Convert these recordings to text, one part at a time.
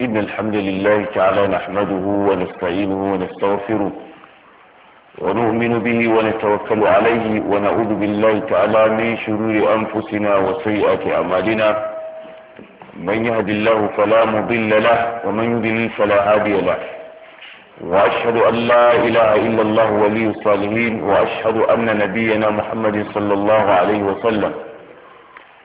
إن الحمد لله تعالى نحمده ونستعينه ونستغفره ونؤمن به ونتوكل عليه ونعوذ بالله تعالى من شرور أنفسنا وسيئات أعمالنا من يهد الله فلا مضل له ومن يضلل فلا هادي له وأشهد أن لا إله إلا الله ولي الصالحين وأشهد أن نبينا محمد صلى الله عليه وسلم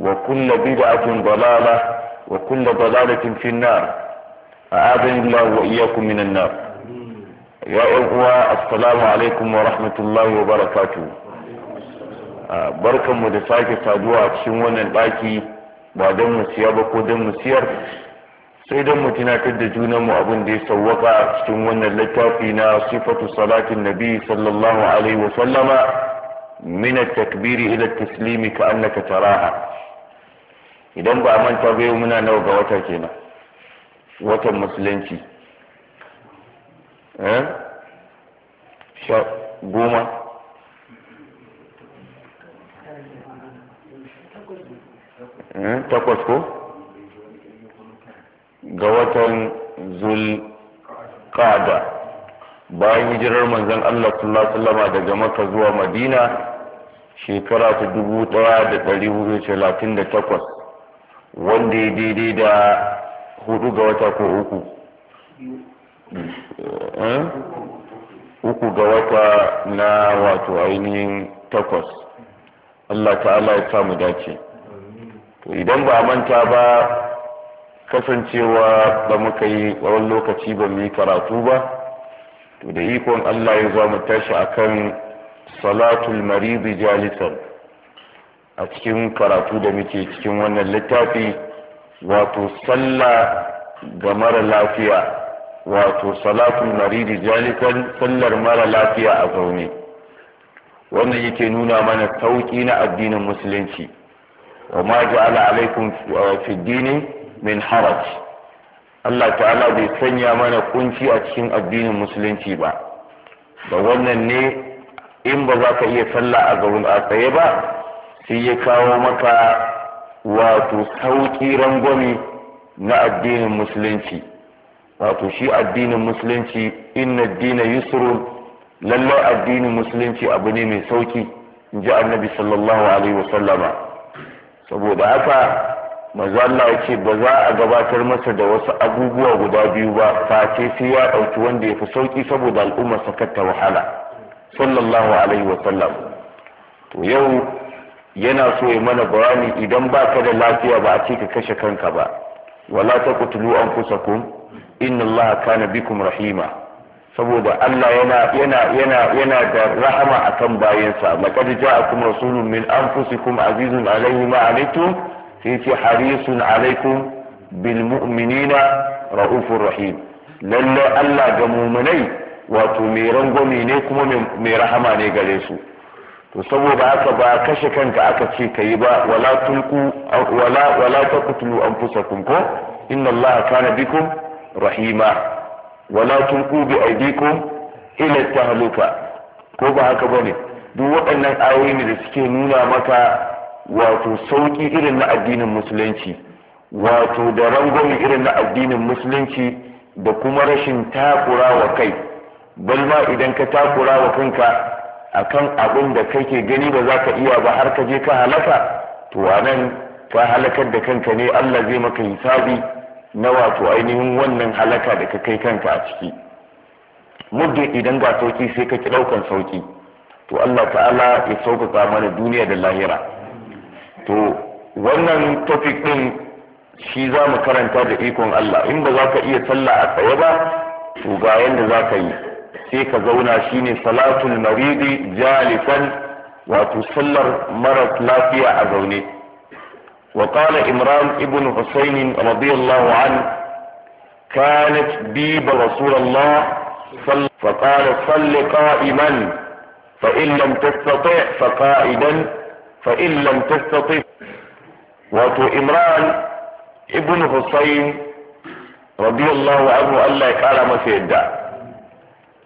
وكل بدعة ضلالة وكل ضلالة في النار أعاذني الله وإياكم من النار يا أخوة السلام عليكم ورحمة الله وبركاته آه، بركة مدساكة سادوا أكشن ونن باكي بعدم مسيابة قدم مسير سيدا متنا كد جونا مؤبن دي سوقا أكشن ونن لتوفينا صفة صلاة النبي صلى الله عليه وسلم من التكبير إلى التسليم كأنك تراها idan ba a manta ba yau muna nawa ga wata kenan watan musulunci eh? goma eh, takwas ko ga watan kada bayan hijirar manzon Allah sallallahu alaihi wasallam daga Makka zuwa Madina shekara ta 1438 wanda ya daidai da hudu ga wata ko uku eh? uku ga wata na wato ainihin takwas Allah ta'ala ya samu dace to idan ba manta ba kasancewa ba muka yi wani lokaci ba mu yi karatu ba to da ikon Allah ya za mu tashi akan salatul maridi jalisan a cikin karatu da muke cikin wannan littafi wato sallah ga mara lafiya wato salatul maridi jalikan sallar mara lafiya a zaune wannan yake nuna mana sauƙi na addinin musulunci wa ma ja'ala alaikum fi dini min haraj Allah ta'ala bai sanya mana kunci a cikin addinin musulunci ba da wannan ne in ba za ka iya sallah a zaune a tsaye ba sai ya kawo maka wato sauƙi rangwame na addinin musulunci wato shi addinin musulunci inna dina yusrun lallai addinin musulunci abu ne mai sauƙi in ji annabi sallallahu alaihi wasallama saboda haka maza Allah yake ba za a gabatar masa da wasu abubuwa guda biyu ba face sai ya ɗauki wanda ya fi sauƙi saboda al'ummar sakatta wahala sallallahu alaihi wasallam to yau yana so ya mana bayani idan ba ka da lafiya ba a ce ka kashe kanka ba wala ta kutulu an kusa kum inna allaha kana bikum rahima saboda Allah yana yana yana yana da rahama akan bayansa laqad ja'akum rasulun min anfusikum azizun alayhi ma alaytum sai ce harisun alaikum bil mu'minina ra'ufur rahim lalle Allah ga mu'minai wato mai rangwame ne kuma mai rahama ne gare su to saboda haka ba kashe kanka aka ce ka yi ba wala tulku wala wala taqtulu anfusakum ko inna allaha kana bikum rahima wala tulku bi aydikum ila tahluka ko ba haka bane duk waɗannan ayoyi ne da suke nuna maka wato sauki irin na addinin musulunci wato da rangwame irin na addinin musulunci da kuma rashin takura wa kai balma idan ka takura wa kanka akan abin da kake gani ba za ka iya ba har ka je ka halaka to nan ka halakar da kanka ne Allah zai maka hisabi na wato ainihin wannan halaka da ka kai kanka a ciki mudda idan ga sauki sai ka ki daukan sauki to Allah ta'ala ya sauƙaƙa mana duniya da lahira to wannan topic din shi za mu karanta da ikon Allah in ba za ka iya sallah a tsaye ba to ga yanda za ka yi sai ka zauna shine salatul maridi jalisan wato sallar mara lafiya وقال إمران ابن حسين رضي الله عنه كانت بيب رسول الله صل فقال صل قائما فإن لم تستطع فقائدا فإن لم تستطع وتو إمران ابن حسين رضي الله عنه الله قال ما في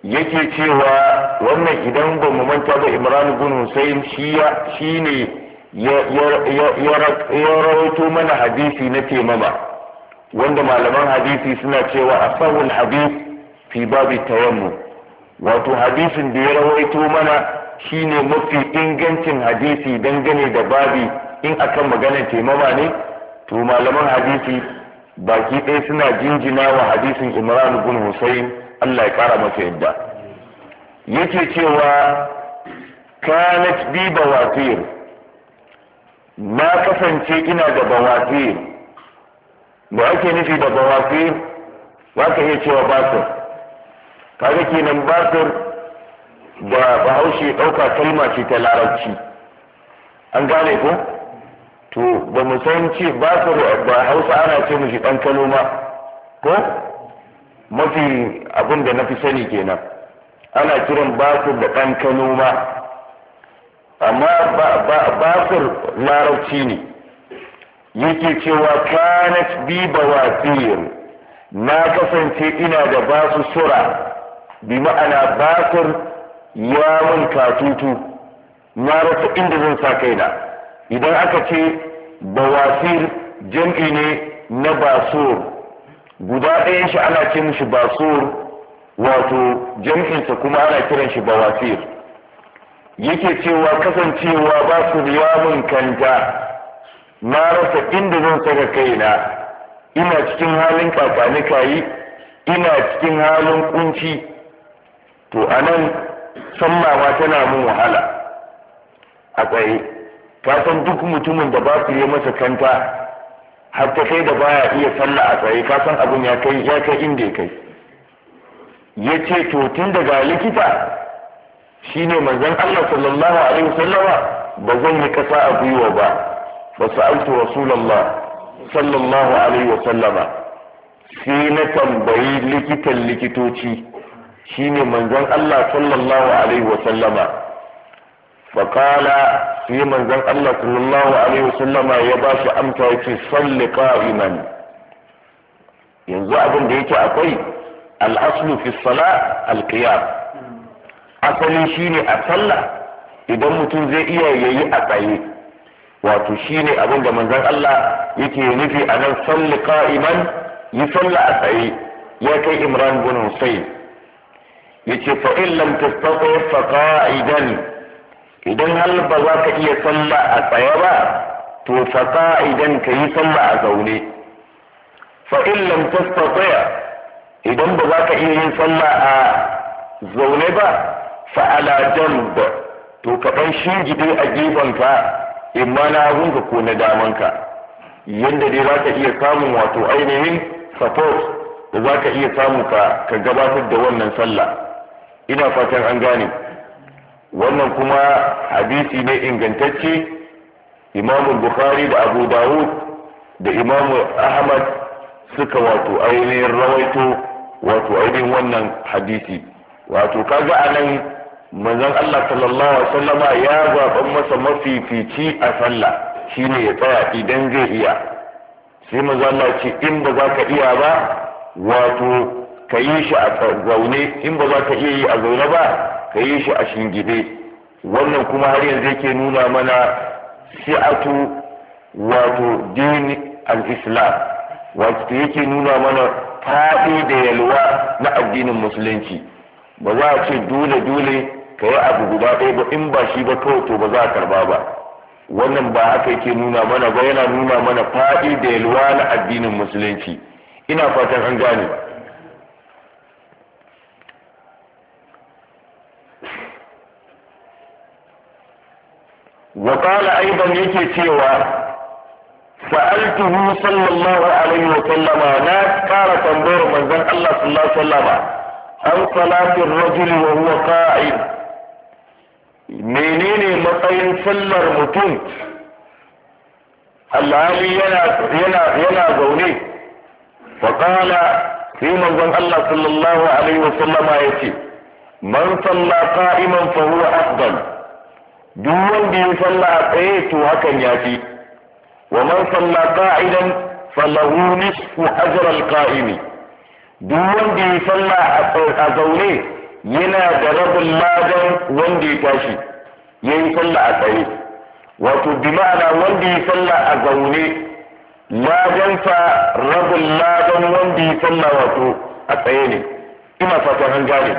yake cewa wannan idan ba mu manta da imran bin hussein shi ne ya rawaito mana hadisi na temama wanda malaman hadisi suna cewa asahul hadith fi babi tayammu wato hadisin da ya rawaito mana shine mafi ingancin hadisi dangane da babi in akan maganar temama ne to malaman hadisi baki ɗaya suna jinjina wa hadisin imran bin hussein Allah ya kara masa yadda yake cewa kanat bi bawatir na kasance ina da bawatir ba ake nufi da bawatir ba ka iya cewa basir kaga kenan basir da bahaushe ɗauka kalma ce ta larabci an gane ko to ba mu san ce basir ba hausa ana ce mu shi ɗan kaloma ko mafi abin da na fi sani kenan ana kiran bakur da kankano ma amma bakur larabci ne yake cewa kanat bi bawasir na kasance ina da basu sura bi ma'ana bakur ya mun katutu na rasa inda zan sa kaina idan aka ce bawasir jam'i ne na basur guda ɗayan shi ana ce mushi basur wato jam'insa kuma ana kiran shi bawasir yake cewa kasancewa ba su yamun kanta na rasa inda zan saka kaina ina cikin halin kayi ina cikin halin kunci to anan mama tana min wahala a tsaye ka san duk mutumin da ba su yi masa kanta har ta kai da baya iya sallah a tsaye ka san abin ya kai ya kai inda ya kai ya ce to tun daga likita Shi shine manzon Allah sallallahu alaihi wasallama ba zan yi kasa a gwiwa ba ba fa sa'altu rasulullah sallallahu alaihi wasallama sai na tambayi likitan likitoci Shi shine manzon Allah sallallahu alaihi wasallama فقال في من ذن الله صلى الله عليه وسلم يا باشا أمتى يتي صل قائما ينزع ابن ديتا أقوي الأصل في الصلاة القيام أصلي شيني أصلى إذا متنزي إيا يي أقوي واتو شيني أبن من ذن الله يتي نفي أنا صلى قائما يصلى أقوي يكي إمران بن حسين يتي فإن لم تستطع فقائدا idan har ba za ka iya salla a tsaye ba to fasa idan ka yi sallah a zaune fa in lam idan ba za ka iya yin sallah a zaune ba fa ala janb to ka dan shingide a gefen ka imma na hagunka ko na ka. yadda dai za ka iya samun wato ainihin support da za ka iya samu ka gabatar da wannan sallah ina fatan an gane wannan kuma hadisi ne ingantacce imam bukhari da abu dawud da imam ahmad suka wato ainihin rawaito wato ainihin wannan hadisi wato kaga anan manzon Allah sallallahu alaihi wasallama ya zaban masa mafifici a sallah shine ya tsaya idan zai iya sai manzon Allah ce in ba za ka iya ba wato ka yi shi a zaune in ba za ka iya yi a zaune ba ka yi shi a shingibe wannan kuma har yanzu yake nuna mana si'atu wato din al-islam wato yake nuna mana faɗi da yalwa na addinin musulunci ba za a ce dole dole ka yi abu guda ɗaya ba in ba shi ba kawai to ba za a karba ba wannan ba haka yake nuna mana ba yana nuna mana faɗi da yalwa na addinin musulunci ina fatan an gane وقال أيضا يجي سيوا سألته صلى الله عليه وسلم ناس قال تنظر من ذن الله صلى الله عليه وسلم عن صلاة الرجل وهو قائم منين مطين صلى المتون العالي يلا يلا يلا زوني فقال في من ذن الله صلى الله عليه وسلم يتي من صلى قائما فهو أفضل duk wanda ya salla a tsaye to hakan ya fi wa man salla qa'idan falahu nisfu ajr al-qa'imi duk wanda ya salla a zaune yana da rabin ladan wanda ya tashi yayi salla a tsaye wato bi ma'ana wanda ya salla a zaune fa rabin ladan wanda ya salla wato a tsaye ne ina fatan an gane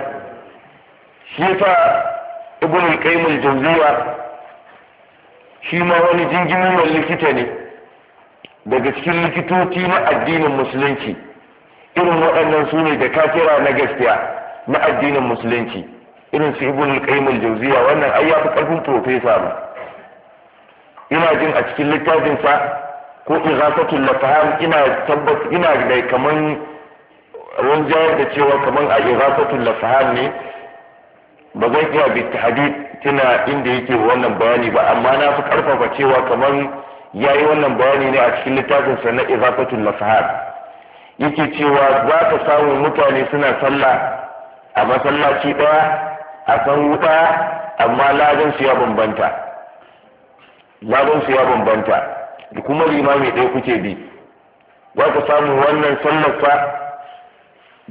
shi yasa ibn al-qayyim al-jawziya shi ma wani jingimin likita ne daga cikin likitoci na addinin musulunci irin waɗannan su ne da kafira na gaskiya na addinin musulunci irin su ibn al-qayyim al-jawziya wannan ai ya fi karfin profesa ba ina jin a cikin littafin sa ko ighasatul lafaham ina tabbata ina da kaman wani jawab da cewa kaman a ighasatul lafaham ne ba zan iya bitta hadith tuna inda yake wannan bayani ba amma na fi karfafa cewa kamar ya yi wannan bayani ne a cikin littafin sa na izafatul masahar yake cewa za ka samu mutane suna sallah a masallaci ɗaya a san wuta amma ladan su ya bambanta ladan su ya bambanta kuma limami ɗaya kuke bi za ka samu wannan sallar sallarsa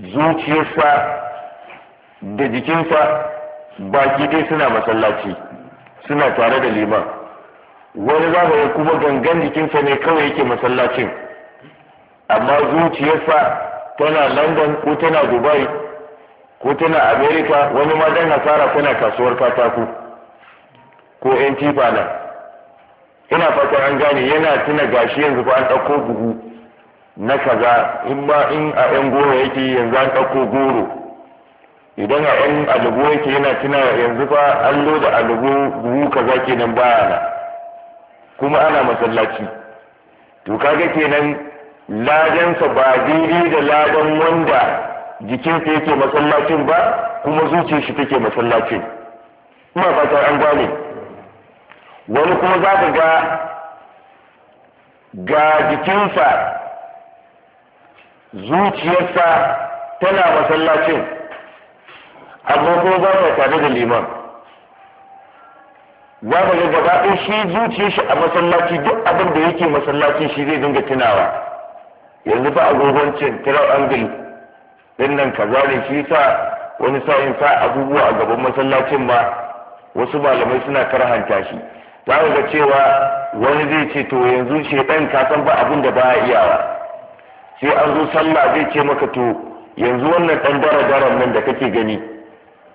zuciyarsa da jikinsa baki dai suna masallaci suna tare da liman wani za ka kuma gangan jikinsa ne kawai yake masallacin amma zuciyarsa tana london ko tana dubai ko tana america wani ma dan hasara tana kasuwar katako ko yan tifa na ina fatan an gane yana tuna gashi yanzu fa an ɗauko buhu na kaza in ma in a yan goro yake yanzu an ɗauko goro idan a ɗan alugu yake yana tunawa yanzu fa an loda alugu buhu kaza kenan baya na kuma ana masallaci to kaga kenan ladansa ba daidai da ladan wanda jikinsa yake masallacin ba kuma zuciyar shi take masallacin ina fata an gane wani kuma za ka ga ga jikinsa zuciyarsa tana masallacin amma kuma ba ka tare da liman za mu ga gaba ɗin shi zuciya shi a masallaci duk abin da yake masallaci shi zai dinga tunawa yanzu ba agogon cin tirar angle din nan kaza ne shi sa wani sa'in sa abubuwa a gaban masallacin ba wasu malamai suna karhanta shi za mu ga cewa wani zai ce to yanzu shi dan ka san ba abin da ba iyawa sai an zo sallah zai ce maka to yanzu wannan dan dara daran nan da kake gani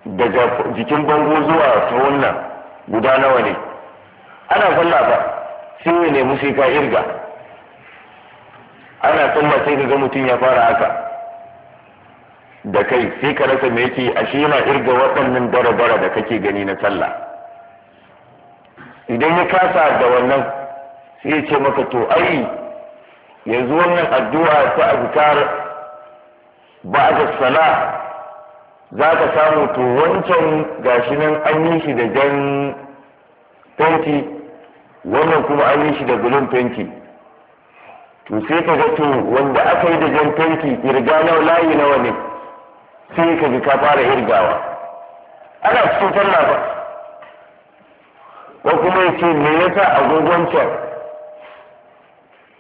daga jikin bango zuwa ta wannan guda nawa ne ana sallah ba sai ya nemi sai ka irga ana sallah sai ga mutum ya fara haka da kai sai ka rasa me yake shi yana irga waɗannan bara-bara da kake gani na sallah idan ya kasa da wannan sai ya ce maka to ai yanzu wannan addu'a ta azkar ba'da sala za ka samu to wancan gashi nan an yi shi da jan fenti wannan kuma an yi shi da gulun fenti to sai ka ga to wanda aka yi da jan fenti irga nawa layi nawa ne sai ka ji ka fara irgawa ana cikin sallah ba ko kuma ya me yasa agogon can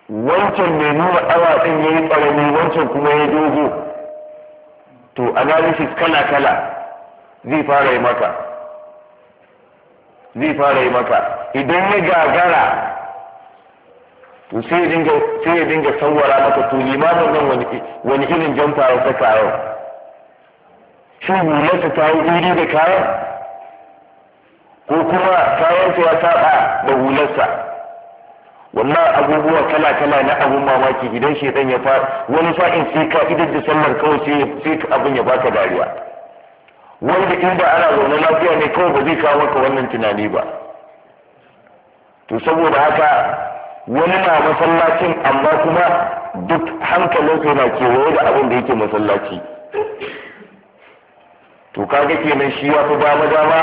wancan mai nuna awa ɗin ya yi ƙarami wancan kuma ya dogo to analysis kala kala zai fara yi maka zai fara yi maka idan ya gagara to sai ya dinga sauwara maka to limanin nan wani wani irin jamfa ya kayan shi shin hularsa ta yi iri da kayan ko kuma kayan kayansa ya saba da hularsa wannan abubuwa kala kala na abun mamaki idan shedan ya fa wani sa'in sai ka idan da sallar kawai sai sai abun ya baka dariya wanda inda ana zaune lafiya ne kawai ba zai kawo maka wannan tunani ba to saboda haka wani na masallacin amma kuma duk hankalinsa yana kewaye da abin da yake masallaci to kaga kenan shi ya fi dama dama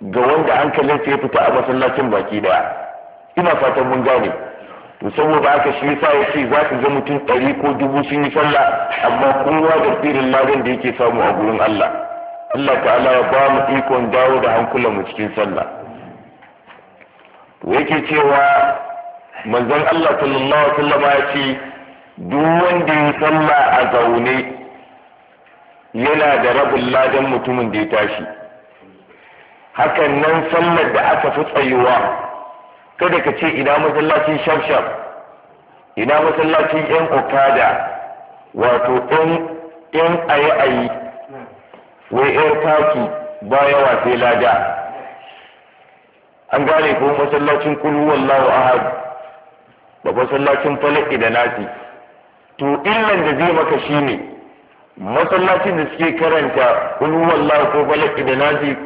ga wanda hankalinsa ya fita a masallacin baki daya ina fatan mun gane to saboda haka shi yasa yace za ka ga mutum ɗari ko dubu sun yi sallah amma kowa da firin ladan da yake samu a gurin Allah Allah ta'ala ya ba mu ikon dawo da hankulan mu cikin sallah to yake cewa manzon Allah sallallahu alaihi wasallam ya ce duk wanda ya sallah a zaune yana da rabin ladan mutumin da ya tashi hakan nan sallar da aka fi tsayuwa kada ka ce ina masallacin shamsham ina masallacin yan okada wato ɗan ayi-ayi wai yan taki ba yawa sai lada an gane ko masallacin kulu wallahu ahad da masallacin falaki da nasi to illan da zai maka shine masallacin da suke karanta kulu wallahu ko falaki da nasi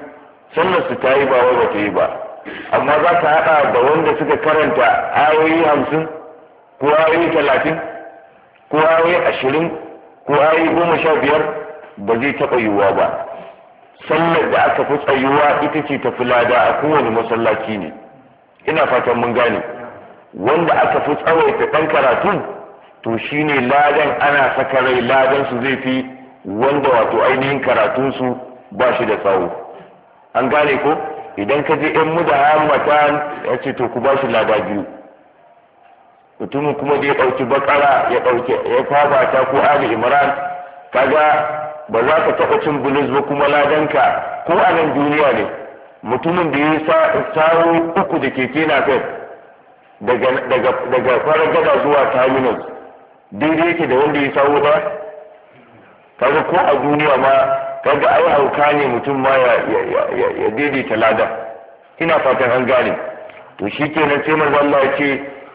sannan su ta yi ba wai ba ta yi ba amma za ka haɗa da wanda suka karanta ayoyi hamsin ko ayoyi talatin ko ayoyi ashirin ko ayoyi goma sha biyar ba zai taɓa yiwuwa ba sallar da aka fi tsayuwa ita ce ta lada a kowane masallaci ne ina fatan mun gane wanda aka fi tsawaita ɗan karatu to shi ne ladan ana saka rai ladan su zai fi wanda wato ainihin karatunsu ba shi da tsawo an gane ko idan ka je yan muda ya hamata ya ce to ku ba shi lada biyu mutumin kuma da ya ɗauki bakara ya ɗauki ya faba ta ko ali imran kaga ba za ka taɓa cin bulus ba kuma ladanka ko a nan duniya ne mutumin da ya sa'o uku da keke na kai daga farar gada zuwa terminus daidai yake da wanda ya sawo ba kaga ko a duniya ma kaga ai hauka ne mutum ma ya ya daidaita lada ina fatan an gane to shikenan sai manzo Allah ya ce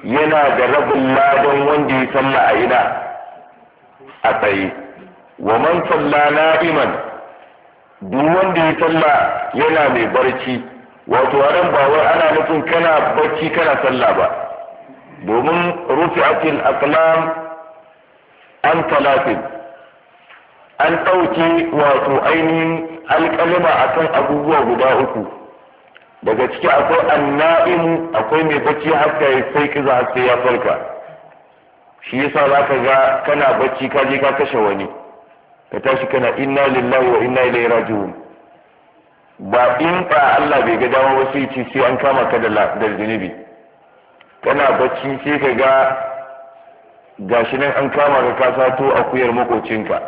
yana da rabin ladan wanda ya salla a ina a tsaye wa man salla na'iman duk wanda ya salla yana mai barci wato aran ba wai ana nufin kana barci kana salla ba domin rufi'atil aqlam an talatin an ɗauke wato ainihin alƙalima kan abubuwa guda uku daga ciki akwai anna'imu akwai mai bacci haka ya sai kiza har sai ya farka shi yasa za ka ga kana bacci ka je ka kashe wani ka tashi kana inna lillahi wa inna ilaihi raji'un ba in ba Allah bai ga dama wasu yi sai an kama ka da zunubi kana bacci sai ka ga gashi nan an kama ka ka sato akuyar makocinka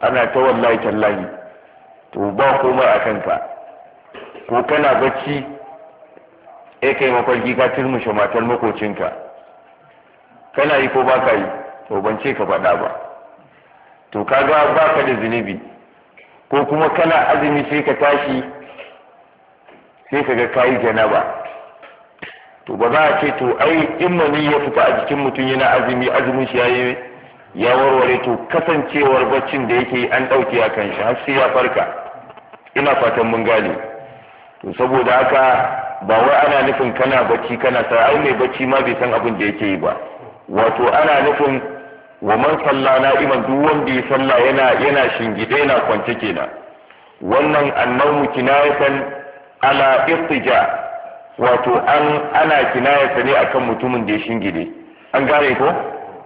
ana ta wallahi tallahi to ba komai a kanka ko kana bacci e kai mafarki ka turmushe matar makocinka kana yi ko ba ka yi to ban ce ka faɗa ba to kaga ba ka da zunubi ko kuma kana azumi sai ka tashi sai ka ga kayi janaba to ba za a ce to ai in mani ya fita a jikin mutum yana azumi azumin shi ya yi ya warware to kasancewar baccin da yake an ɗauke a kan shi har sai ya farka ina fatan mun gane to saboda haka ba wai ana nufin kana bacci kana sa ai mai bacci ma bai san abin da yake yi ba wato ana nufin wa man salla na'iman duk wanda ya salla yana yana shingide yana kwance kenan wannan annahu kinayatan ala ittija wato an ana kinayata ne akan mutumin da ya shingide an gane ko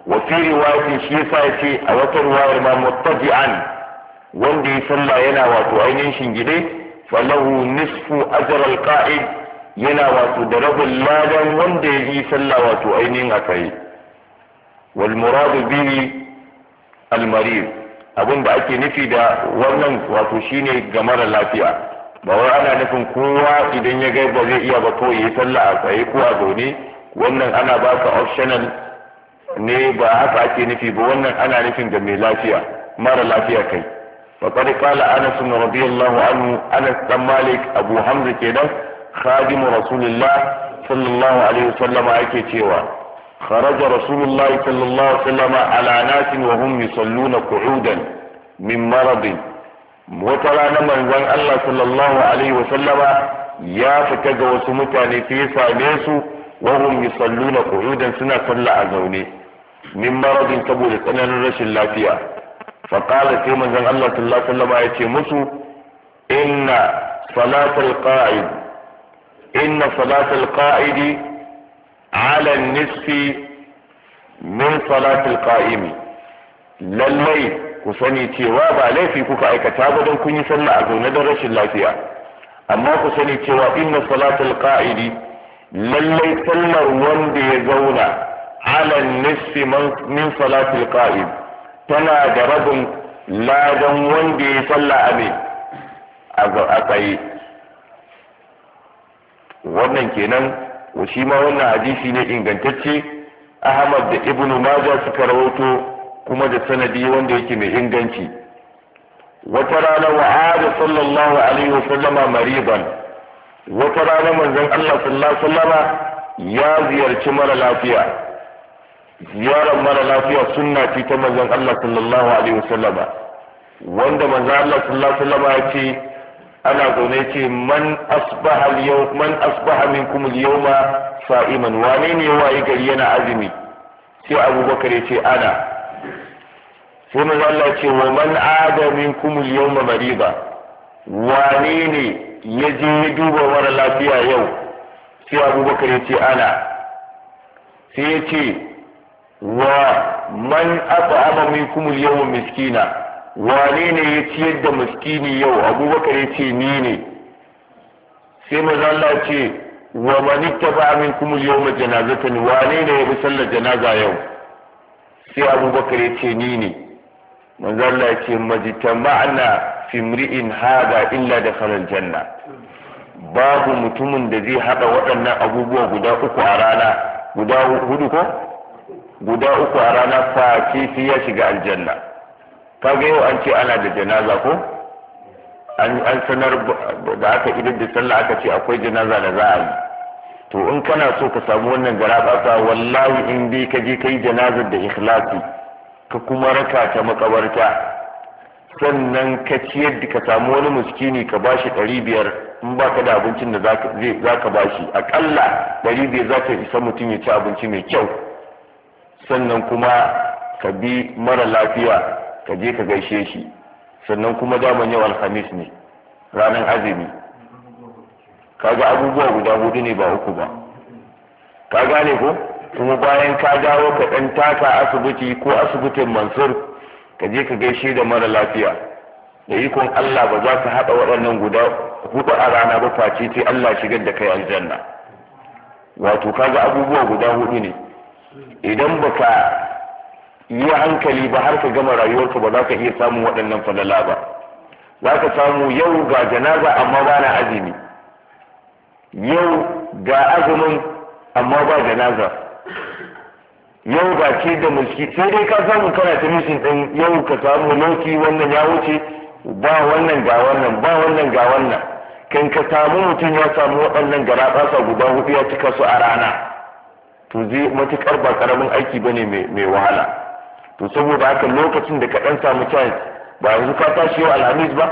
wa wasi riwayatin shi yasa ce a wata riwayar ma muttaji'an wanda ya sallah yana wato ainihin shingide falahu nisfu ajr alqa'id yana wato da rabin ladan wanda ya yi sallah wato ainihin akai wal muradu bihi al marid abin da ake nufi da wannan wato shine ga mara lafiya ba wai ana nufin kowa idan ya ga ba zai iya ba to yi sallah a tsaye ko a zaune wannan ana baka optional ne ba haka ake nufi ba wannan ana nufin da mai lafiya mara lafiya kai faqad qala anas bin radiyallahu anhu anas bin malik abu hamza kenan khadim rasulullah sallallahu alaihi wasallam yake cewa خرج رسول الله صلى الله عليه وسلم على ناس وهم يصلون قعودا من مرض وترى من زن الله صلى الله عليه وسلم يا فكذا وسمتاني في سانيس وهم يصلون قعودا سنة صلى أزوني min maradin saboda tsananin rashin lafiya fa sai manzon Allah sallallahu alaihi wasallam ya ce musu inna salatul qa'id inna salatul qa'idi ala nisfi min salatul qa'imi lallai ku sani cewa ba laifi kuka aikata ba don kun yi sallah a zaune don rashin lafiya amma ku sani cewa inna salatul qa'idi lallai sallar wanda ya zauna ala nisfi min salati alqa'im tana da rabin ladan wanda ya salla abin a tsaye wannan kenan wa shi ma wannan hadisi ne ingantacce ahmad da ibnu majah suka rawaito kuma da sanadi wanda yake mai inganci wata rana wa'ada sallallahu alaihi wasallama mariban wata rana manzon Allah sallallahu alaihi wasallama ya ziyarci mara lafiya ziyarar mara lafiya sunna ce ta manzon Allah sallallahu alaihi wasallam wanda manzon Allah sallallahu alaihi wasallam ya ce ana zaune ce man asbaha al-yawm man asbaha minkum al-yawma sa'iman wane ne waye gari yana azumi sai Abubakar ya ce ana sai manzon Allah ce wa man ada minkum al-yawma mariba wane ne ya je ya duba mara lafiya yau sai Abubakar ya ce ana sai ya ce wa man at'ama minkum al-yawma miskina wane ne ya ciyar da miskini yau abubakar ya ce ni ne sai maza Allah ce wa man ittaba'a minkum al-yawma janazatan wane ne ya bi sallar janaza yau sai abubakar ya ce ni ne manzo Allah ya ce illa da khalal janna babu mutumin da zai haɗa waɗannan abubuwa guda uku a rana guda hudu ko guda uku a rana face ya shiga aljanna kaga yau an ce ana da janaza ko an sanar da aka idan da sallah aka ce akwai janaza da za a yi to in kana so ka samu wannan garaba ta wallahi in dai ka je kai janazar da ikhlasi ka kuma raka ta makabarta sannan ka ciyar da ka samu wani muskini ka bashi ɗari biyar in ba ka da abincin da za ka bashi aƙalla ɗari biyar za ta isa mutum ya ci abinci mai kyau sannan kuma ka bi mara lafiya ka je ka gaishe shi sannan kuma daman yau alhamis ne ranar azumi kaga abubuwa guda hudu ne ba uku ba ka gane ko kuma bayan ka dawo ka ɗan taka asibiti ko asibitin mansur ka je ka gaishe da mara lafiya da ikon allah ba za ka haɗa waɗannan guda hudu a rana ba face sai allah shigar da kai aljanna wato kaga abubuwa guda hudu ne idan baka yi hankali ba har ka gama rayuwarka ba za ka iya samun waɗannan falala ba za ka samu yau ga janaza amma ba na azumi yau ga azumin amma ba janaza yau ga ce da mulki sai dai ka samu kana ta mishin ɗin yau ka samu loki wannan ya wuce ba wannan ga wannan ba wannan ga wannan kan ka samu mutum ya samu waɗannan garaɓasa guda hudu ya cika su a rana to je matukar ba karamin aiki ba ne mai wahala to saboda haka lokacin da ka ɗan samu chance ba yanzu ka tashi yau alhamis ba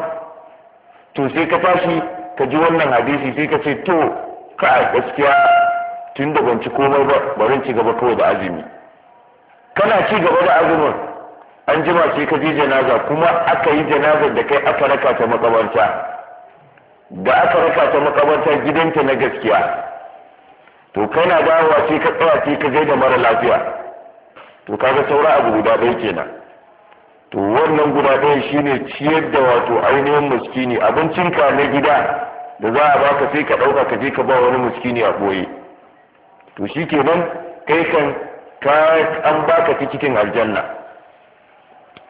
to sai ka tashi ka ji wannan hadisi sai ka ce to ka gaskiya tun da ban ci komai ba bari ci gaba kawai da azumi kana ci gaba da azumin an jima sai ka je janaza kuma aka yi janaza da kai aka raka ta makabarta da aka raka ta makabarta gidanta na gaskiya to kai na dawowa sai ka tsaya sai ka gaida mara lafiya to kaga saura abu guda ɗaya kenan to wannan guda ɗaya shine ciyar da wato ainihin muskini abincinka na gida da za a baka sai ka ɗauka ka je ka ba wani muskini a ɓoye to shi kenan kai kan ka an baka tikitin aljanna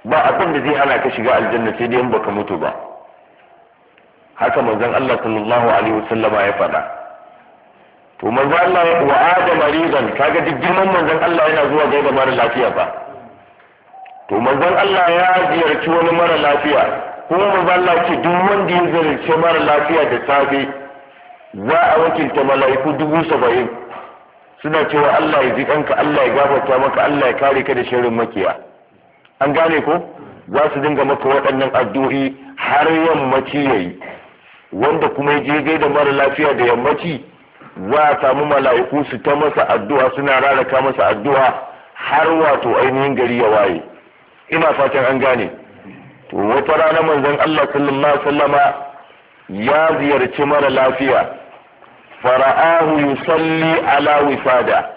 ba abin da zai hana ka shiga aljanna sai dai in baka mutu ba haka manzon Allah sallallahu alaihi wasallama ya faɗa to manzo Allah wa adam maridan kaga duk girman manzon Allah yana zuwa ga da mara lafiya ba to manzon Allah ya ziyarci wani mara lafiya kuma manzo Allah ce duk wanda ya ziyarci mara lafiya da safe za a wakilta mala'iku dubu saba'in suna cewa Allah ya ji kanka Allah ya gafarta maka Allah ya kare ka da shirin makiya an gane ko za su dinga maka waɗannan addu'o'i har yammaci yayi wanda kuma ya je gaida mara lafiya da yammaci za a samu mala'iku su ta masa addu'a suna raraka masa addu'a har wato ainihin gari ya waye ina fatan an gane to wata rana manzon Allah sallallahu alaihi wasallama ya ziyarci mara lafiya fara'ahu yusalli ala wifada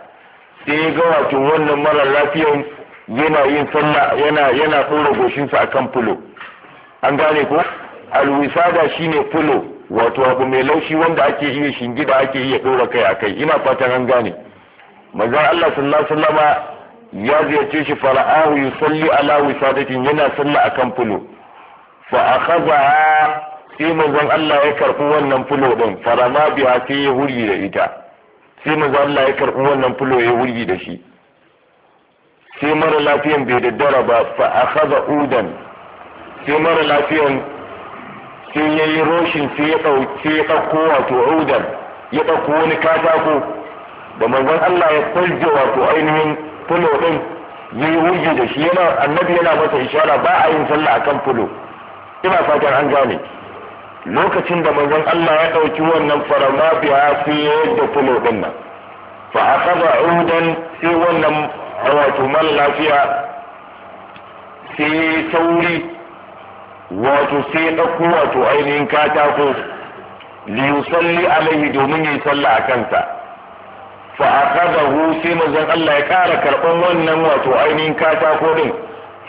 sai ga wato wannan mara lafiyan yana yin sallah yana yana tsora goshinsa akan fulo an gane ko alwisada shine fulo wato abu mai laushi wanda ake iya shingida ake iya ɗora kai a kai ina fatan an gane maza Allah sallallahu alaihi ya ziyarce shi fara'ahu yusalli ala wisadatin yana sallah akan fulo fa akhadha sai manzon Allah ya karbi wannan fulo din farama biya sai ya hurgi da ita sai manzon Allah ya karbi wannan fulo ya hurgi da shi sai mara lafiyan bai daddara ba fa akhadha udan sai mara lafiyan sai ya yi roshin sai ya ɗauko wato audan ya ɗauko wani katako da manzon Allah ya kwalje wato ainihin fulo ɗin ya yi wuji da shi yana annabi yana masa ishara ba a yin sallah akan fulo ina fatan an gane lokacin da manzon Allah ya ɗauki wannan farama biya sai ya yadda fulo ɗin nan fa akaza audan sai wannan wato man lafiya sai sauri wato sai ɗauko wato ainihin katako liyusalli alaihi domin yayi sallah a kansa fa akhadahu sai manzon Allah ya ƙara karban wannan wato ainihin katako din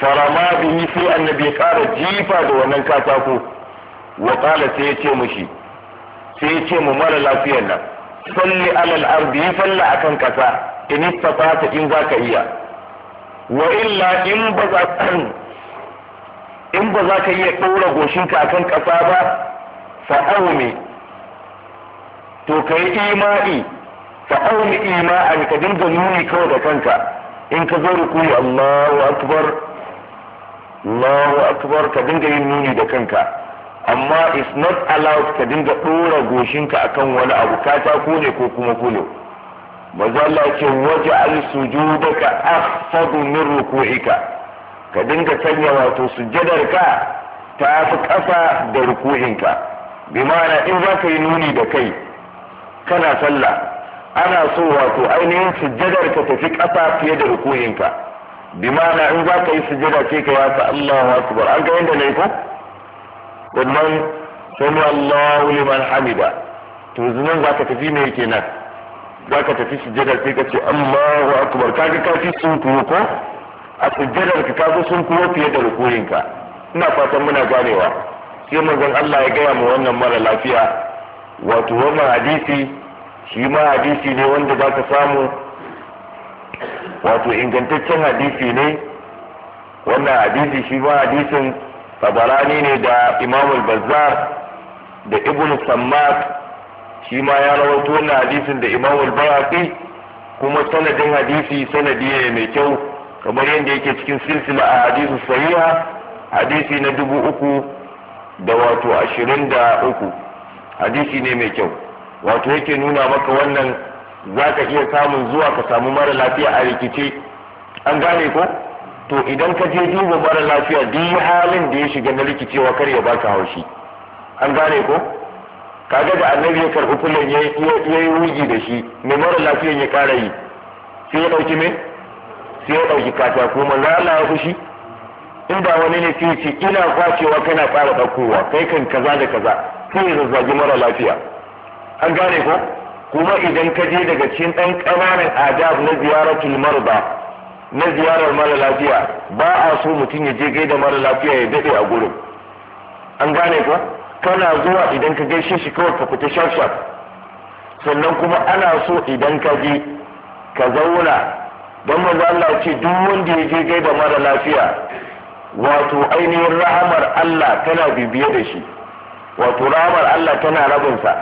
farama bihi sai annabi ya ƙara jifa da wannan katako wa qala sai ya ce mushi sai ya ce mu mara lafiyar nan salli alal ardi salla akan kasa in istata in zaka iya wa illa in ba in ba za ka iya ɗora goshinka akan ƙasa ba fa'aumi to ka yi ima'i fa'aumi ima'an ka dinga nuni kawai da kanka in ka zo rukuyi Allahu akbar Allahu akbar ka dinga yin nuni da kanka amma it's not allowed ka dinga ɗora goshinka akan wani abu katako ne ko kuma kulo maza Allah ce waje al sujudaka afsadu min ruku'ika ka dinga sanya wato sujjadarka ta fi ƙasa da rukuhinka bi ma'ana in za ka yi nuni da kai kana sallah ana so wato ainihin sujjadarka ta fi ƙasa fiye da rukuhinka bi ma'ana in za ka yi sujjada ce ka yasa Allahu akbar an ga yanda ne ko wannan sami Allahu liman hamida to zunan za ka tafi me kenan za ka tafi sujjada sai ka ce Allahu akbar kaga ka fi sun ko a sujjadar ka kazo sun kuma fiye da rukuninka ina fatan muna ganewa sai manzon Allah ya gaya mu wannan mara lafiya wato wannan hadisi shi ma hadisi ne wanda za ka samu wato ingantaccen hadisi ne wannan hadisi shi ma hadisin tabarani ne da imam al-bazzar da ibn sammat shi ma ya rawaito wannan hadisin da imamul al kuma sanadin hadisi sanadi ne mai kyau kamar yadda yake cikin silsila a hadisu sahiha hadisi na dubu uku da wato ashirin da uku hadisi ne mai kyau wato yake nuna maka wannan za ka iya samun zuwa ka samu mara lafiya a rikice an gane ko to idan ka je duba mara lafiya duk halin da ya shiga na rikicewa kar ya baka haushi an gane ko kaga da annabi ya karɓi kullum ya yi wuji da shi mai mara lafiyan ya ƙara yi sai ya ɗauki mai sai ya ɗauki katako manzo Allah ya fushi inda wani ne sai ce ina kwacewa kana fara ɗaukowa kai kan kaza da kaza sai ya zazzagi mara lafiya an gane ko kuma idan ka je daga cikin ɗan ƙananan adab na ziyaratul marba na ziyarar mara lafiya ba a so mutum ya je gaida mara lafiya ya daɗe a gurin an gane ka kana zuwa idan ka gaishe shi kawai ka fita shaf sannan kuma ana so idan ka je ka zauna don manzo Allah ce duk wanda ya je gaida mara lafiya wato ainihin rahamar Allah tana bibiye da shi wato rahamar Allah tana rabinsa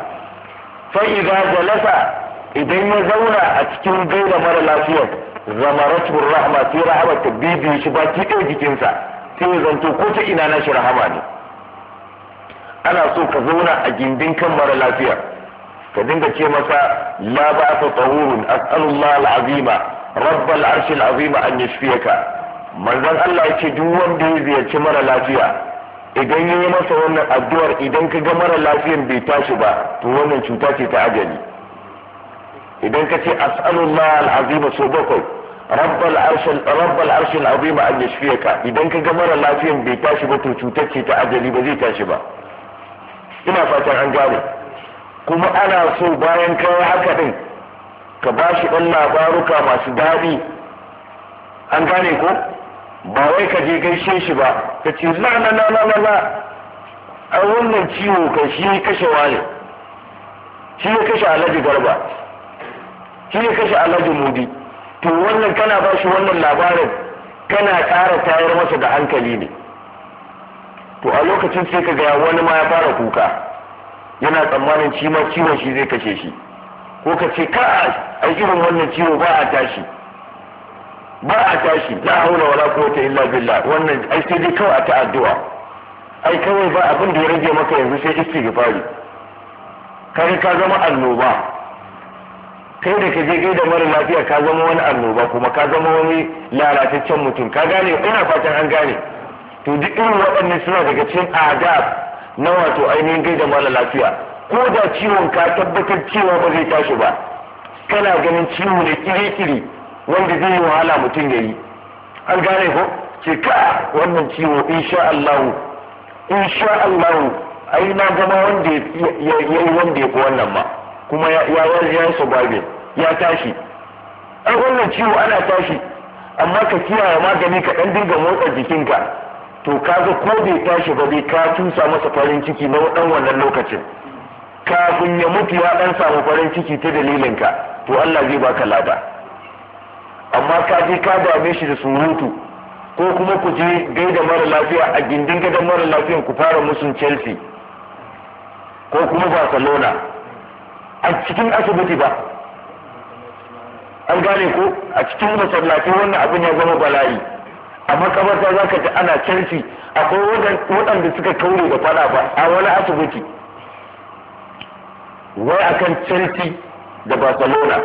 fa idza jalasa idan ya zauna a cikin gaida mara lafiyar zamaratu rahma sai rahama ta bibiye shi baki ɗaya jikinsa sai ya zanto ko ta ina na shi rahama ne ana so ka zauna a gindin kan mara lafiya ka dinga ce masa la ba ta tsawurun as'alullah al'azima rabbal arshil azim an ka manzon Allah yake duk wanda ya ziyarci mara lafiya idan yayi masa wannan addu'ar idan ka ga mara lafiyan bai tashi ba to wannan cuta ce ta ajali idan ka ce as'alullah al-azim so bakwai rabbal arshil rabbal arshil azim an ka idan ka ga mara lafiyan bai tashi ba to cutar ce ta ajali ba zai tashi ba ina fatan an gane kuma ana so bayan kai haka din ka ba shi ɗan labaruka masu daɗi an gane ko ba wai ka je gaishe shi ba ka ce la na na na na a wannan ciwo ka shi kashe wane shi ya kashe alhaji garba shi ya kashe alhaji mudi to wannan kana ba shi wannan labarin kana ƙara tayar masa da hankali ne to a lokacin sai ka ga wani ma ya fara kuka yana tsammanin cima ciwon shi zai kashe shi ko ka ce ka a irin wannan ciwo ba a tashi ba a tashi la haula wala quwwata illa billah wannan ai sai dai kawai a ta addu'a ai kawai ba abin da ya rage maka yanzu sai istighfari kai ka zama annoba kai da ka je gai da mara lafiya ka zama wani annoba kuma ka zama wani lalataccen mutum ka gane ina fatan an gane to duk irin waɗannan suna daga cikin adab na wato ainihin gai da mara lafiya ko da ciwon ka tabbatar cewa ba zai tashi ba kana ganin ciwo ne kiri-kiri wanda zai yi wahala mutum ya yi an gane ko ce ka wannan ciwo insha Allah insha Allahu ai na gama wanda ya yi wanda ya fi wannan ma kuma ya ya survive ya tashi ai wannan ciwo ana tashi amma ka kiyaye magani ka dan dinga motsa jikinka to kaga ko bai tashi ba bai ka tusa masa farin ciki na wannan lokacin kafin ya mutu ya dan samu farin ciki ta dalilin ka to Allah zai baka lada amma ka je ka dame shi da surutu ko kuma ku je gaida mara lafiya a gindin gadon mara lafiyan ku fara musun Chelsea ko kuma Barcelona a cikin asibiti ba an gane ko a cikin masallaci wannan abin ya zama bala'i a makabarta za ka ji ana Chelsea akwai waɗanda suka kaure da fada ba a wani asibiti wai akan Chelsea da Barcelona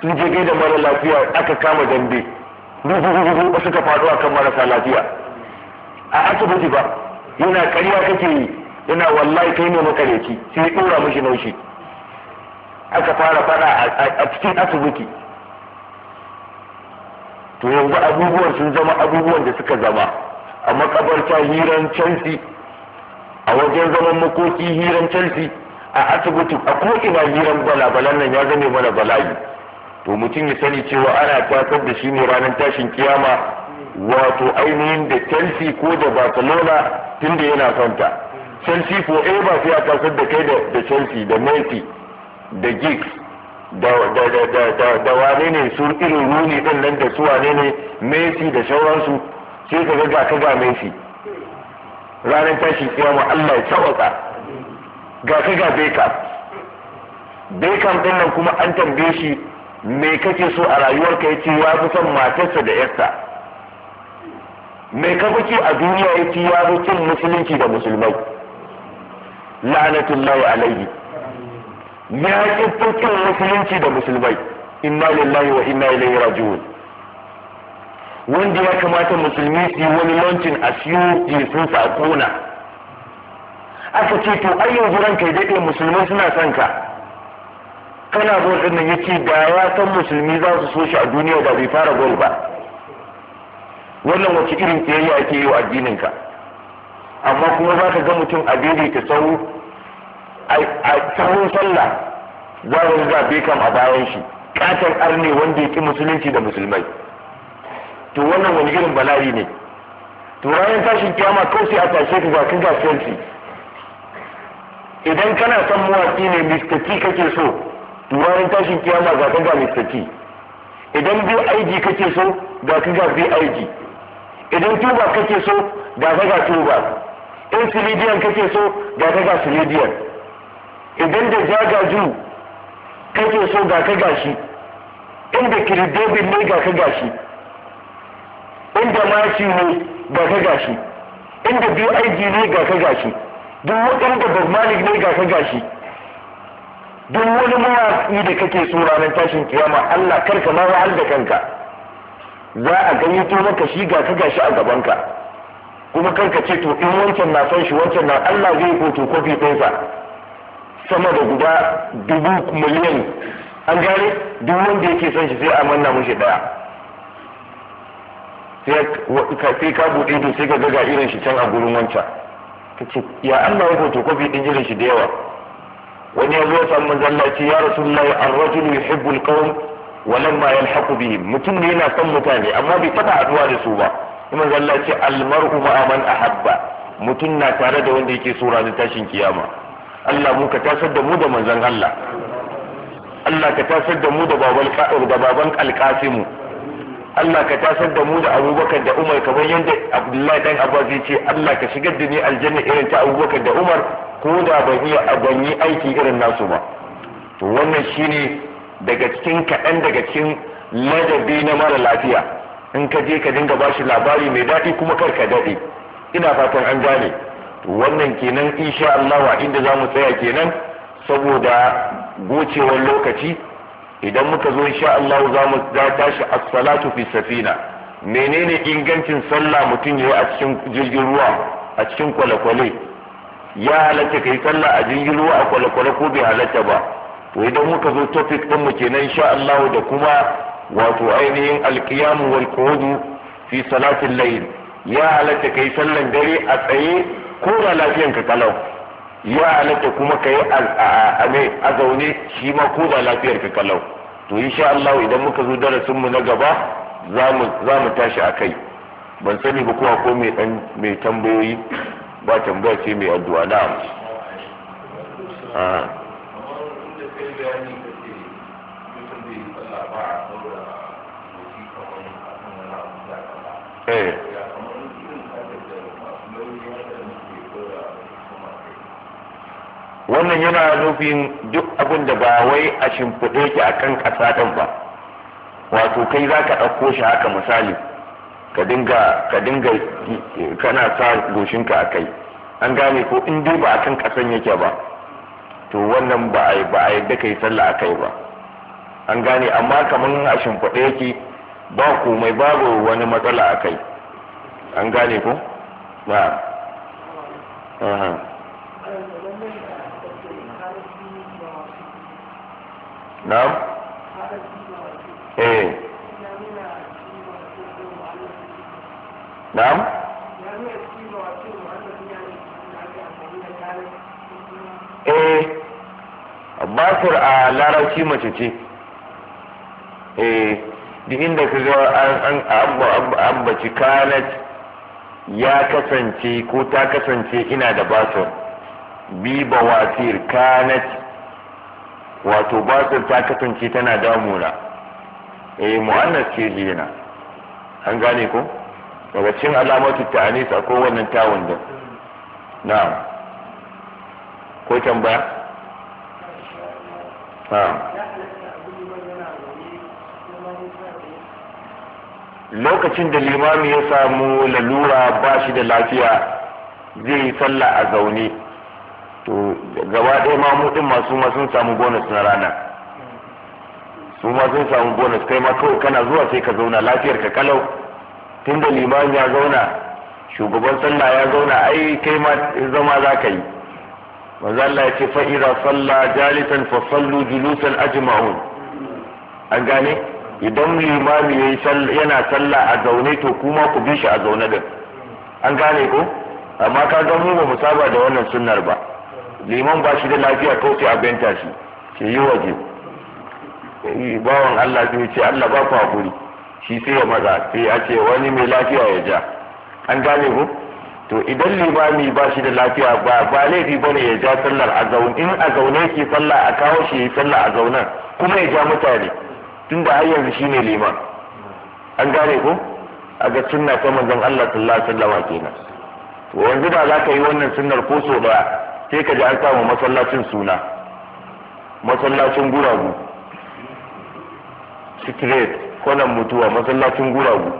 sun je gaida mara lafiya aka kama dambe rubu suka faru akan marasa lafiya a asibiti ba yana karya kake yi yana wallahi kai ne makareci sai dora mishi naushi aka fara fada a cikin asibiti to yanzu abubuwan sun zama abubuwan da suka zama a makabarta hiran Chelsea a wajen zaman makoki hiran Chelsea a asibiti a ko'ina jiran balabalan nan ya zame mana bala'i to mutum ya sani cewa ana tasar da shi ne ranar tashin kiyama wato ainihin da chelsea ko da barcelona tunda yana santa chelsea ko eh ba sai a tasar da kai da chelsea da messi da giggs da wane ne su irin runi din nan da su wane ne messi da sauransu sai ka ga ka ga messi ranar tashin kiyama allah ya tsawaka ga ka ga Beckham Beckham din nan kuma an tambaye shi me kake so a rayuwarka yace ya fi son matarsa da yarsa me ka fi a duniya ya yace ya fi cin musulunci da musulmai la'natullahi alaihi ya ƙi cin musulunci da musulmai inna lillahi wa inna ilaihi raji'un wanda ya kamata musulmi su yi wani lancin a siyo jinsinsa a kona aka ce to ai yanzu ranka ya daɗe musulmi suna son ka kana zo ɗin nan yace da ya san musulmi za su so shi a duniya da bai fara gol ba wannan wacce irin tsayayya ake yi wa addinin ka amma kuma za ka ga mutum a ta tsawo a tsawon sallah za ka ga bekam a bayan shi katon arne wanda ya ki musulunci da musulmai to wannan wani irin bala'i ne to ranar tashin kiyama kawai sai a tashe ka ga kan idan kana son mawaki ne miskaki kake so to tashin kiyama ga ka ga miskaki idan biyu aiki kake so ga ka ga biyu aiki idan tuba kake so ga ka ga tuba in silidiyan kake so ga ka ga silidiyan idan da jagaju kake so ga ka ga shi inda kiridobin ne ga ka ga shi inda mashi ne ga ka ga shi inda da biyu aiki ne ga ka ga shi duk wajen da Bob Malik ne ga ka gashi duk wani mawaƙi da kake so ranar tashin kiyama Allah karka ma wahal da kanka za a gayyato maka shi ga ka gashi a gabanka kuma karka ce to in wancan na son shi wancan na Allah zai hoto kofi ɗinsa sama da guda dubu miliyan an gane duk wanda yake son shi sai a manna mushi daya sai ka buɗe to sai ka ga irin shi can a gurin wancan ta ce ya an na fotokofi din jirin shi da yawa wani ya zo ya samu mazallaci ya rasulullahi ar-rajulu yuhibbu al-qawm wa lamma yalhaqu bihim mutum ne yana son mutane amma bai taba haduwa da su ba kuma zallaci al-mar'u ma'a man ahabba mutum na tare da wanda yake so ranar tashin kiyama Allah mu ka tasar da mu da manzon Allah Allah ka tasar da mu da baban da baban alƙasimu Allah ka tasar da mu da abubakar da umar kamar yadda abdullahi dan abbas ya ce Allah ka shigar da ni aljanna irin ta abubakar da umar ko da ban iya ban yi aiki irin nasu ba to wannan shine daga cikin kaɗan daga cikin ladabi na mara lafiya in ka je ka dinga bashi labari mai daɗi kuma kar ka daɗe ina fatan an gane wannan kenan insha Allah inda za mu tsaya kenan saboda gocewar lokaci idan muka zo insha Allah za mu tashi as-salatu fi safina menene ingancin sallah mutum yayi a cikin jirgin ruwa a cikin kwale-kwale ya halatta kai sallah a jirgin ruwa a kwale-kwale ko bai halatta ba to idan muka zo topic din mu kenan insha Allah da kuma wato ainihin al-qiyam wal fi salatil layl ya halatta kai sallan dare a tsaye ko da lafiyanka kalau yi a halatta kuma ka yi a zaune shi ma ko ba lafiyar ka kalau to insha Allah idan muka zo darasin mu na gaba za mu tashi a kai ban sani ba kuma ko mai dan mai tambayoyi ba tambaya ce mai addu'a na a ah. eh wannan yana nufin duk abin da ba wai a shimfiɗe ki kan ƙasa ɗin ba wato kai za ka ɗauko shi haka misali ka dinga ka dinga kana sa goshinka a kai an gane ko in dai ba a kan ƙasan yake ba to wannan ba a ba a da kai sallah a kai ba an gane amma kamar a shimfiɗe ki ba komai babu wani matsala a kai an gane ko ba na'am eh na'am eh basir a larabci mace ce eh duk inda ka zo an ambaci kanat ya kasance ko ta kasance ina da basir bi bawasir kanat wato Basir ta kasance tana damuna eh mu'annas ce jina an gane ko daga cikin alamatu ta'anis ko wannan tawun da na'am ko tambaya na'am lokacin da limami ya samu lalura ba shi da lafiya zai yi sallah a zaune to gaba ɗaya ma mu ɗin masu ma sun samu bonus na rana su ma sun samu bonus kai ma kawai kana zuwa sai ka zauna lafiyar ka kalau tun da liman ya zauna shugaban sallah ya zauna ai kai ma zama za ka yi manzo Allah ya ce fa ira salla jalisan fa sallu julusan ajma'un an gane idan limami yayi yana sallah a zaune to kuma ku bi shi a zaune din an gane ko amma ka ga mu ba mu saba da wannan sunnar ba liman ba shi da lafiya ko sai a benta shi ke yi waje eh, bawan Allah zai ce Allah ba ku hakuri shi sai ya maza sai a ce wani mai lafiya ya ja an gane ku to idan limami ba shi da lafiya ba ba laifi bane ya ja sallar a zaune in a zaune ke sallah a kawo shi ya yi sallah a zaune kuma ya ja mutane tunda har yanzu shine liman an gane ku a ga sunna ta manzon Allah sallallahu alaihi wasallam kenan to yanzu ba za ka yi wannan sunnar ko so ba. sai ka ji an samu masallacin suna masallacin guragu street kwanan mutuwa masallacin guragu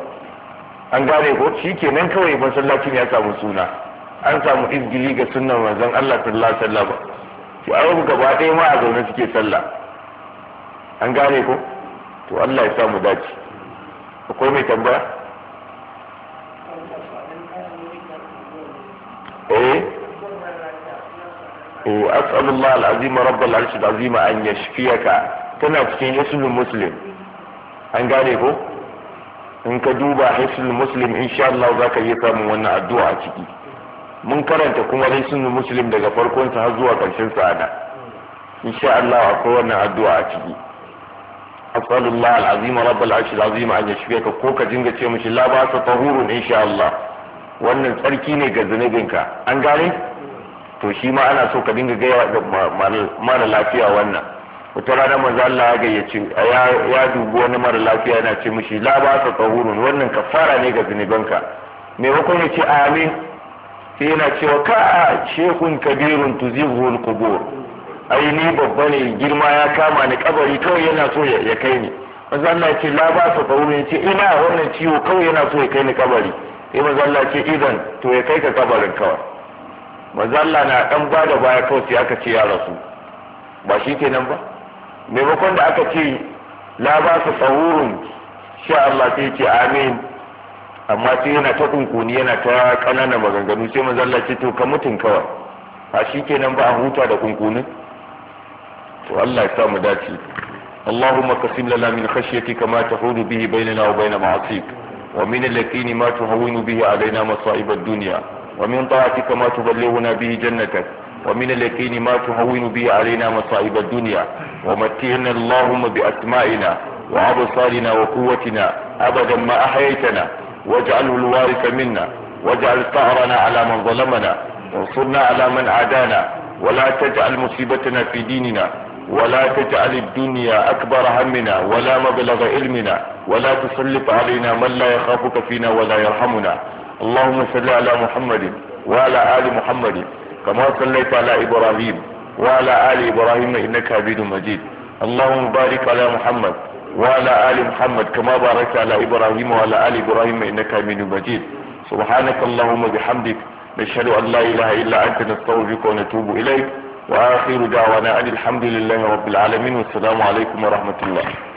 an gane ko shi kenan kawai masallacin ya samu suna an samu izgili ga sunan manzon Allah sallallahu alaihi wasallam to an gaba ɗaya ma a zaune suke sallah an gane ko to Allah ya samu dace akwai mai tambaya وأسأل الله العظيم رب العرش العظيم أن يشفيك تنا cikin hisnul muslim an gane ko in ka duba hisnul muslim insha Allah zaka iya samun wannan addu'a a ciki mun karanta kuma hisnul muslim daga farkon sa har zuwa karshen sa ana insha akwai wannan addu'a a ciki أسأل الله العظيم رب العرش العظيم أن يشفيك كوكا جنجة شمش لا بأس طهور إن شاء الله وأن الفركين جزنبنك أنقالي؟ to shi ma ana so ka dinga gaya mara lafiya wannan wata rana manzo Allah ya gayyaci ya dubi wani mara lafiya yana ce mishi la ba ka tahurun wannan kafara ne ga zunubanka me hukun ya ce amin sai yana cewa ka a shekun kabirun tuzihul qubur ai ni babba ne girma ya kama ni kabari kawai yana so ya kai ni manzo Allah ya ce la ba ka tahurun ya ce ina wannan ciwo kawai yana so ya kai ni kabari sai manzo Allah ce idan to ya kai ka kabarin kawai manzo Allah na dan gwada baya kawai sai aka ce ya rasu ba shi kenan ba maimakon da aka ce la ba su sahurun sha Allah sai ce amin amma sai yana ta kunkuni yana ta ƙananan maganganu sai manzo Allah ce to ka mutun kawai ba shi kenan ba a huta da kunkunin to Allah ya sa mu dace اللهم قسم لنا من خشيتك ما تحول به بيننا وبين معصيك ومن اليقين ما تهون به علينا مصائب الدنيا ومن طاعتك ما تبلغنا به جنتك ومن اليقين ما تهون به علينا مصائب الدنيا ومتعنا اللهم بأسمائنا وأبصارنا وقوتنا أبدا ما أحييتنا واجعله الوارث منا واجعل ثأرنا على من ظلمنا وانصرنا على من عادانا ولا تجعل مصيبتنا في ديننا ولا تجعل الدنيا أكبر همنا ولا مبلغ علمنا ولا تسلط علينا من لا يخافك فينا ولا يرحمنا اللهم صل على محمد وعلى آل محمد كما صليت على إبراهيم وعلى آل إبراهيم إنك حميد مجيد اللهم بارك على محمد وعلى آل محمد كما باركت على إبراهيم وعلى آل إبراهيم إنك حميد مجيد سبحانك اللهم بحمدك نشهد أن لا إله إلا أنت نستغفرك ونتوب إليك وآخر دعوانا أن الحمد لله رب العالمين والسلام عليكم ورحمة الله